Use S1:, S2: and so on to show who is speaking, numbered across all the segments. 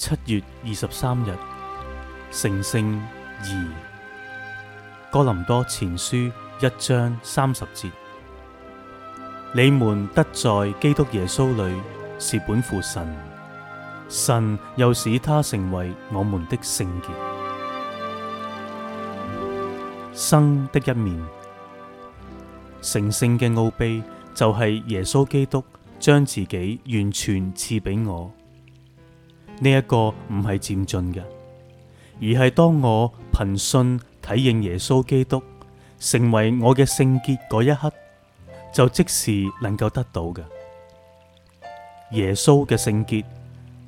S1: 七月二十三日，成聖，二哥林多前書一章三十節，你們得在基督耶穌裏是本乎神，神又使他成為我們的聖潔。生的一面，成聖嘅奧秘就係耶穌基督將自己完全賜俾我。呢一個唔係漸進嘅，而係當我憑信體認耶穌基督成為我嘅聖潔嗰一刻，就即時能夠得到嘅。耶穌嘅聖潔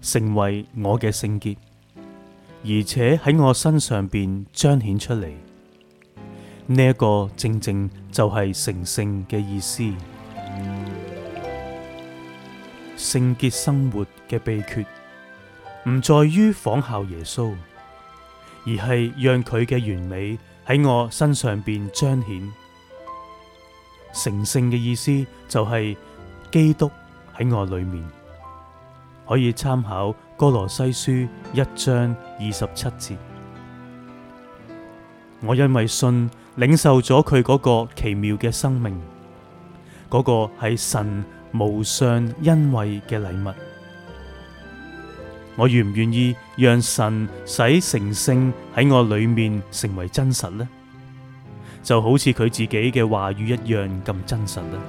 S1: 成為我嘅聖潔，而且喺我身上邊彰顯出嚟。呢一個正正就係成聖嘅意思，聖潔生活嘅秘訣。唔在於仿效耶穌，而係讓佢嘅原理喺我身上邊彰顯。成聖嘅意思就係基督喺我裏面，可以參考哥羅西書一章二十七節。我因為信，領受咗佢嗰個奇妙嘅生命，嗰、那個係神無上恩惠嘅禮物。我願唔願意讓神使成聖喺我裏面成為真實呢？就好似佢自己嘅話語一樣咁真實呢。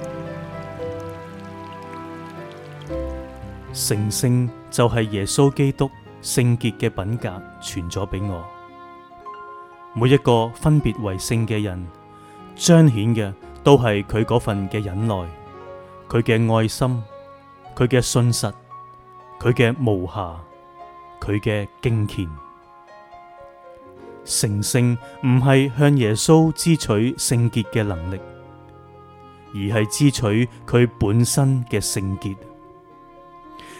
S1: 成聖就係耶穌基督聖潔嘅品格傳咗俾我。每一個分別為聖嘅人，彰顯嘅都係佢嗰份嘅忍耐，佢嘅愛心，佢嘅信實，佢嘅無瑕。佢嘅敬虔，成聖唔係向耶穌支取聖潔嘅能力，而係支取佢本身嘅聖潔，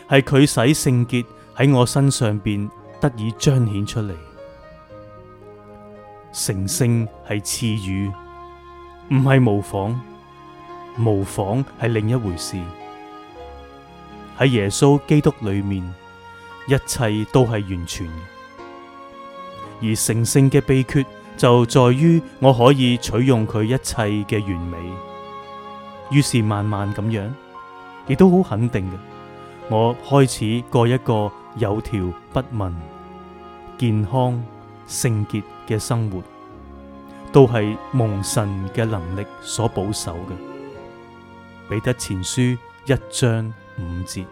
S1: 係佢使聖潔喺我身上邊得以彰顯出嚟。成聖係賜予，唔係模仿，模仿係另一回事。喺耶穌基督裏面。一切都係完全，而成聖嘅秘訣就在於我可以取用佢一切嘅完美。於是慢慢咁樣，亦都好肯定嘅，我開始過一個有條不紊、健康、聖潔嘅生活，都係蒙神嘅能力所保守嘅。彼得前書一章五節。